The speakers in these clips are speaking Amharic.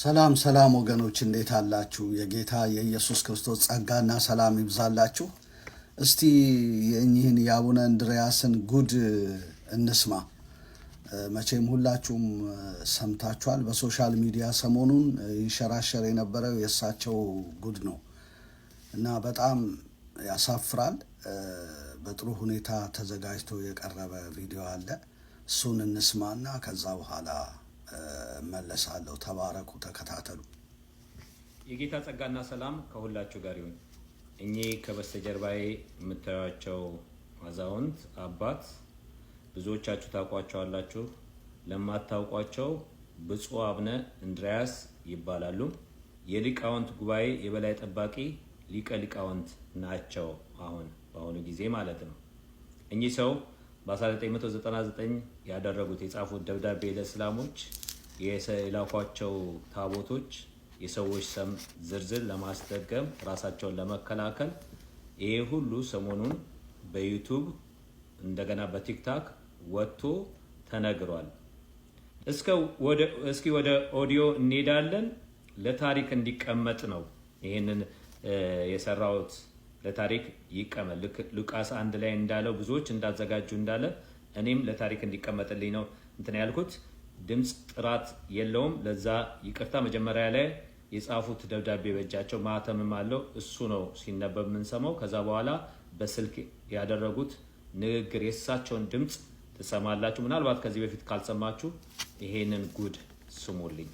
ሰላም ሰላም ወገኖች እንዴት አላችሁ? የጌታ የኢየሱስ ክርስቶስ ጸጋና ሰላም ይብዛላችሁ። እስቲ የእኚህን የአቡነ እንድርያስን ጉድ እንስማ። መቼም ሁላችሁም ሰምታችኋል። በሶሻል ሚዲያ ሰሞኑን ይንሸራሸር የነበረው የእሳቸው ጉድ ነው እና በጣም ያሳፍራል። በጥሩ ሁኔታ ተዘጋጅቶ የቀረበ ቪዲዮ አለ። እሱን እንስማና ከዛ በኋላ መለሳለሁ። ተባረኩ፣ ተከታተሉ። የጌታ ጸጋና ሰላም ከሁላችሁ ጋር ይሁን። እኚህ ከበስተጀርባዬ የምታዩቸው አዛውንት አባት ብዙዎቻችሁ ታውቋቸዋላችሁ። ለማታውቋቸው ብፁዕ አቡነ እንድርያስ ይባላሉ። የሊቃውንት ጉባኤ የበላይ ጠባቂ ሊቀ ሊቃውንት ናቸው። አሁን በአሁኑ ጊዜ ማለት ነው። እኚህ ሰው በ1999 ያደረጉት የጻፉት ደብዳቤ ለእስላሞች የላኳቸው ታቦቶች የሰዎች ስም ዝርዝር ለማስደገም ራሳቸውን ለመከላከል ይሄ ሁሉ ሰሞኑን በዩቱብ እንደገና በቲክታክ ወጥቶ ተነግሯል። እስኪ ወደ ኦዲዮ እንሄዳለን። ለታሪክ እንዲቀመጥ ነው ይህንን የሰራሁት ለታሪክ ይቀመጥ። ሉቃስ አንድ ላይ እንዳለው ብዙዎች እንዳዘጋጁ እንዳለ እኔም ለታሪክ እንዲቀመጥልኝ ነው እንትን ያልኩት። ድምፅ ጥራት የለውም። ለዛ ይቅርታ። መጀመሪያ ላይ የጻፉት ደብዳቤ በእጃቸው ማህተምም አለው። እሱ ነው ሲነበብ የምንሰማው። ከዛ በኋላ በስልክ ያደረጉት ንግግር የእሳቸውን ድምፅ ትሰማላችሁ። ምናልባት ከዚህ በፊት ካልሰማችሁ ይሄንን ጉድ ስሙልኝ።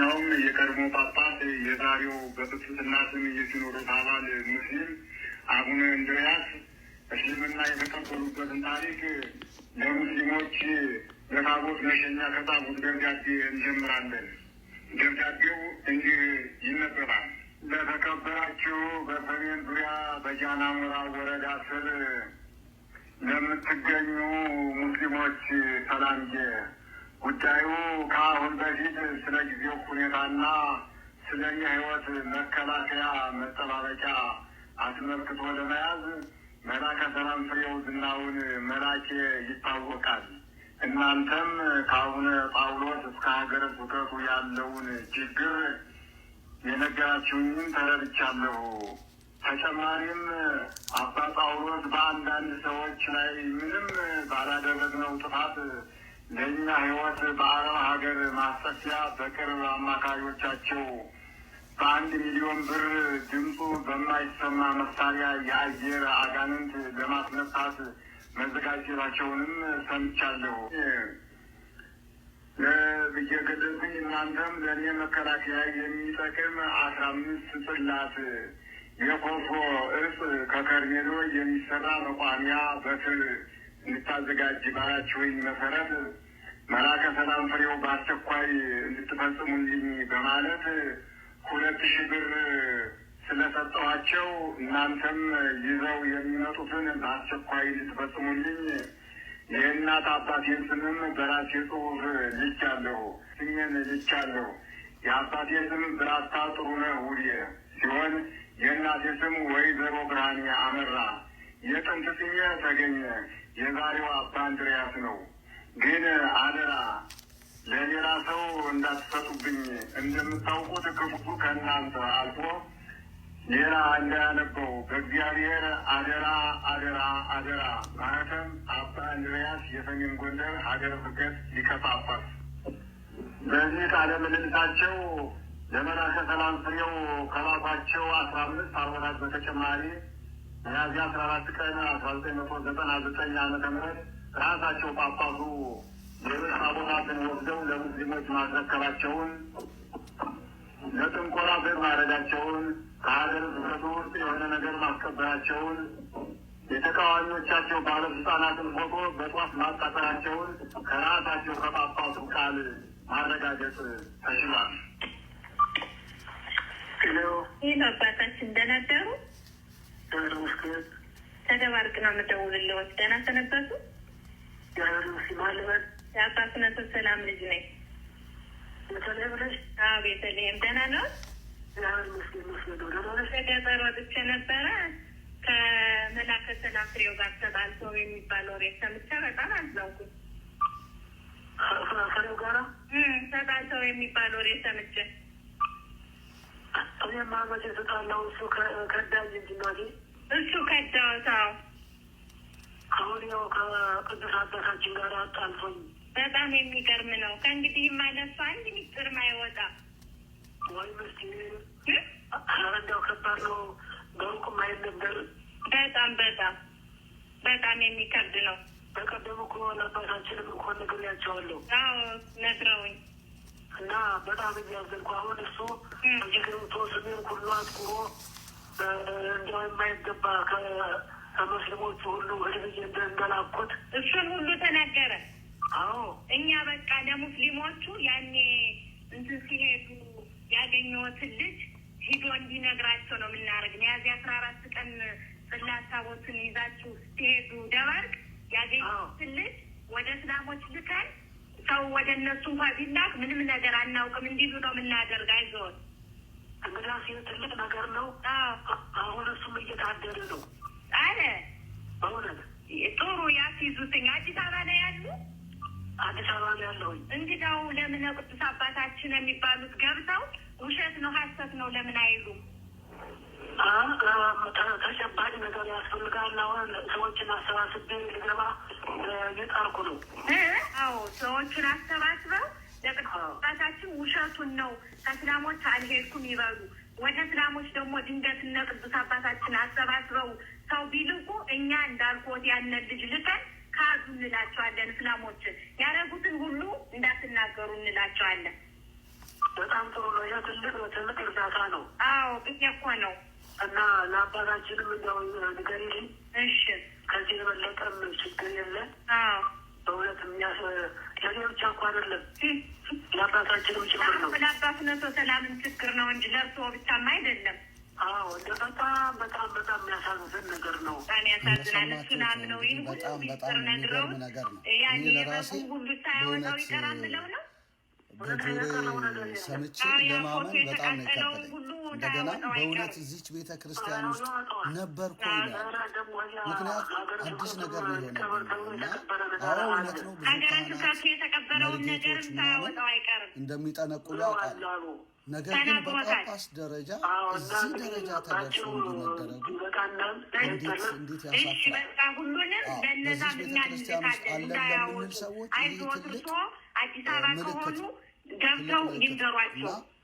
ያውም የቀድሞ ጳጳስ የዛሬው በጵጵስና ስም የሲኖዶስ አባል ሙስሊም አቡነ እንድርያስ እስልምና የተቀበሉበትን ታሪክ ለሙስሊሞች ለታቦት መሸኛ ከታቦት ደብዳቤ እንጀምራለን። ደብዳቤው እንዲህ ይነበባል። ለተከበራችሁ በሰሜን ዙሪያ በጃናሞራ ወረዳ ስር ለምትገኙ ሙስሊሞች ሰላምዬ። ጉዳዩ ከአሁን በፊት ስለ ጊዜው ሁኔታና ስለ እኛ መከላከያ መጠባበቂያ አስመልክቶ ለመያዝ መላከ ሰላም ፍሬው ዝናውን መላኬ ይታወቃል። እናንተም ከአቡነ ጳውሎስ እስከ ሀገረ ስብከቱ ያለውን ችግር የነገራችሁኝም ተረድቻለሁ። ተጨማሪም አባ ጳውሎስ በአንዳንድ ሰዎች ላይ ምንም ባላደረግነው ጥፋት ለእኛ ሕይወት በአረብ ሀገር ማስጠፊያ በቅርብ አማካሪዎቻቸው በአንድ ሚሊዮን ብር ድምፁ በማይሰማ መሳሪያ የአየር አጋንንት ለማስነሳት መዘጋጀታቸውንም ሰምቻለሁ። ለብየገለጽኝ እናንተም ለእኔ መከላከያ የሚጠቅም አስራ አምስት ጽላት የኮሶ እርጽ ከከርሜሎ የሚሰራ መቋሚያ በትር እንድታዘጋጅ ባላችሁኝ መሰረት መላከ ሰላም ፍሬው በአስቸኳይ እንድትፈጽሙልኝ በማለት ሁለት ሺህ ብር ስለሰጠኋቸው እናንተም ይዘው የሚመጡትን በአስቸኳይ ልትፈጽሙልኝ የእናት አባቴን ስምም በራሴ ጽሑፍ ልቻለሁ ስሜን ልቻለሁ። የአባቴ ስም ብራታ ጥሩነህ ውዴ ሲሆን የእናቴ ስም ወይዘሮ ብርሃኔ አመራ፣ የጥንት ስሜ ተገኘ የዛሬው አባ እንድርያስ ነው። ግን አደራ ለሌላ ሰው እንዳትሰጡብኝ። እንደምታውቁት ክፉ ከእናንተ አልፎ ሌላ እንዳያነበው በእግዚአብሔር አደራ አደራ አደራ። ማለትም አባ እንድርያስ የሰሜን ጎንደር ሀገረ ስብከት ሊቀ ጳጳስ። በዚህ ቃለ ምልልሳቸው ለመላከ ሰላም ፍሬው ከላኳቸው አስራ አምስት አርበታት በተጨማሪ ሚያዝያ አስራ አራት ቀን አስራ ዘጠኝ መቶ ዘጠና ዘጠኝ ዓመተ ምህረት ራሳቸው ጳጳሱ ሌሎች አቦታትን ወስደው ለሙስሊሞች ማስረከባቸውን ለጥንቆላ ብር ማድረጋቸውን ከሀገር ውስጥ የሆነ ነገር ማስከበራቸውን የተቃዋሚዎቻቸው ባለስልጣናትን ፎቶ በጧት ማጣጠራቸውን ከራሳቸው ከጳጳሱ ቃል ማረጋገጥ ተችሏል። ይህ አባታችን ደህና ተደባርቅ ነው የምደውልልዎት። ደህና ሰነበቱ። የአባትነቱ ሰላም ልጅ ነኝ። ቤተልሔም ደህና ነው። ገጠር ወጥቼ ነበረ ከመላከ ሰላም ፍሬው ጋር ተጣልቶ የሚባለው ወሬ ሰምቼ በጣም አዘንኩኝ። ፍሬው ጋራ ተጣልተው የሚባል ወሬ ሰምቼ እኔማ መቼ ተጣላው? እሱ ከዳኝ እንጂ እናቴ እሱ አሁን ያው ከቅዱስ አባታችን ጋር በጣም የሚገርም ነው። ከእንግዲህ ማለሱ አንድ ሚስጥር ማይወጣ ወይ መስቲ እንደው ከባድ ነው። በሩቁ ማየት ነበር። በጣም በጣም በጣም የሚከብድ ነው። በቀደሙ እኮ ለአባታችንም እንኳን ነግሬያቸዋለሁ። አዎ ነግረውኝ እና በጣም እያዘንኩ አሁን እሱ እየገብቶ ስሜን ሁሉ አትኩሮ እንደው የማይገባ ከሙስሊሞቹ ሁሉ ህድብዬ እንደላኩት እሱን ሁሉ ተነገረ። አዎ እኛ በቃ ለሙስሊሞቹ ያኔ እንትን ሲሄዱ ያገኘሁትን ልጅ ሂዶ እንዲነግራቸው ነው የምናደርግ። ሚያዝያ አስራ አራት ቀን ጽላት ታቦትን ይዛችሁ ስትሄዱ ደባርቅ ያገኘሁትን ልጅ ወደ እስላሞች ልከን ሰው ወደ እነሱ እንኳ ቢላክ ምንም ነገር አናውቅም እንዲሉ ነው የምናደርግ። አይዞን እንግዲህ ትልቅ ነገር ነው። አሁን እሱም እየታደደ ነው አለ። አሁን ጥሩ ያስይዙትኝ አዲስ አበባ ላይ ያሉ አዲስ አበባ ነው ያለሁኝ። እንግዳው ለምን ቅዱስ አባታችን የሚባሉት ገብተው ውሸት ነው ሀሰት ነው ለምን አይሉም? ተጨባጭ ነገር ያስፈልጋል። አሁን ሰዎችን አሰባስቤ እንድገባ እየጣርኩ ነው። አዎ ሰዎችን አሰባስበው ለቅዱስ አባታችን ውሸቱን ነው ከእስላሞች አልሄድኩም ይበሉ። ወደ እስላሞች ደግሞ ድንገት እነ ቅዱስ አባታችን አሰባስበው ሰው ቢልቁ እኛ እንዳልኮት ያነ ልጅ ልከን ካዙ እንላቸዋለን። እስላሞች ያረጉትን ሁሉ እንዳትናገሩ እንላቸዋለን። በጣም ጥሩ ነው። ይህ ትልቅ ትልቅ እርዳታ ነው። አዎ ብዬ እኮ ነው። እና ለአባታችንም እንደው ንገሪልኝ። እሺ ከዚህ የበለጠም ችግር የለ። በእውነት ለኔ ለሌሎች እኮ አይደለም ለአባታችንም ችግር ነው። ለአባትነቶ ሰላምን ችግር ነው እንጂ ለእርስዎ ብቻም አይደለም። በጣም በጣም የሚያሳዝን ነገር ነው። በጣም ያሳዝናል። እሱን አምነው ይህን ሁሉ ነው። ሰምቼ ለማመን በጣም ነው የከበደኝ። እንደገና በእውነት እዚች ቤተ ክርስቲያን ውስጥ ነበርኩ ይላል። ምክንያቱም አዲስ ነገር ነው የሆነብኝና አዎ እውነት ነው። ብዙ ካህናት ምናምን እንደሚጠነቁሉ ያውቃል። ነገር ግን በጳጳስ ደረጃ እዚህ ደረጃ ተደርሶ እንዲመደረጉ እንዴት እንዴት ያሳፍራል። በዚህ ቤተክርስቲያን ውስጥ አለን ለምንል ሰዎች ይህ ትልቅ ምልክት ገብተው ይንገሯቸው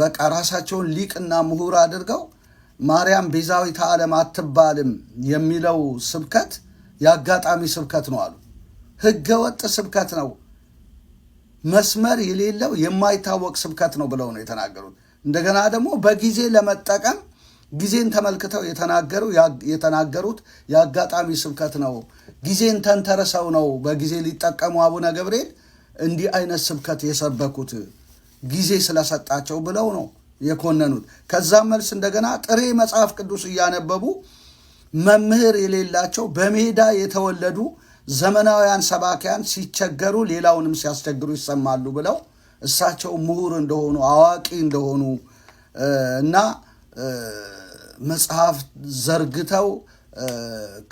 በቃ ራሳቸውን ሊቅና ምሁር አድርገው ማርያም ቤዛዊተ ዓለም አትባልም የሚለው ስብከት የአጋጣሚ ስብከት ነው አሉ። ህገ ወጥ ስብከት ነው፣ መስመር የሌለው የማይታወቅ ስብከት ነው ብለው ነው የተናገሩት። እንደገና ደግሞ በጊዜ ለመጠቀም ጊዜን ተመልክተው የተናገሩ የተናገሩት የአጋጣሚ ስብከት ነው። ጊዜን ተንተረሰው ነው በጊዜ ሊጠቀሙ አቡነ ገብርኤል እንዲህ አይነት ስብከት የሰበኩት። ጊዜ ስለሰጣቸው ብለው ነው የኮነኑት። ከዛም መልስ እንደገና ጥሬ መጽሐፍ ቅዱስ እያነበቡ መምህር የሌላቸው በሜዳ የተወለዱ ዘመናውያን ሰባኪያን ሲቸገሩ ሌላውንም ሲያስቸግሩ ይሰማሉ ብለው እሳቸው ምሁር እንደሆኑ አዋቂ እንደሆኑ እና መጽሐፍ ዘርግተው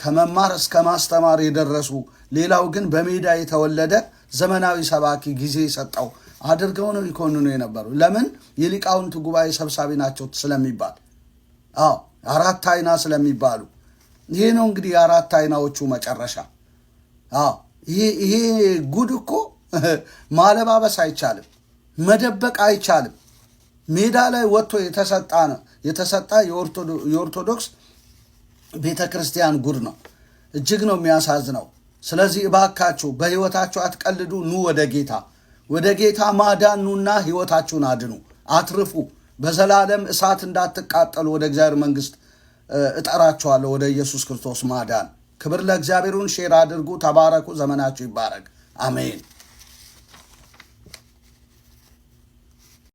ከመማር እስከ ማስተማር የደረሱ ሌላው ግን በሜዳ የተወለደ ዘመናዊ ሰባኪ ጊዜ ሰጠው አድርገው ነው ይኮንኑ የነበሩ። ለምን የሊቃውንቱ ጉባኤ ሰብሳቢ ናቸው ስለሚባል፣ አዎ አራት አይና ስለሚባሉ። ይሄ ነው እንግዲህ የአራት አይናዎቹ መጨረሻ። አዎ ይሄ ጉድ እኮ ማለባበስ አይቻልም፣ መደበቅ አይቻልም። ሜዳ ላይ ወጥቶ የተሰጣ ነው የተሰጣ የኦርቶዶክስ ቤተ ክርስቲያን ጉድ ነው። እጅግ ነው የሚያሳዝነው። ስለዚህ እባካችሁ በሕይወታችሁ አትቀልዱ። ኑ ወደ ጌታ ወደ ጌታ ማዳኑና ሕይወታችሁን አድኑ፣ አትርፉ፣ በዘላለም እሳት እንዳትቃጠሉ ወደ እግዚአብሔር መንግስት እጠራችኋለሁ። ወደ ኢየሱስ ክርስቶስ ማዳን ክብር ለእግዚአብሔሩን። ሼር አድርጉ። ተባረኩ። ዘመናችሁ ይባረግ አሜን።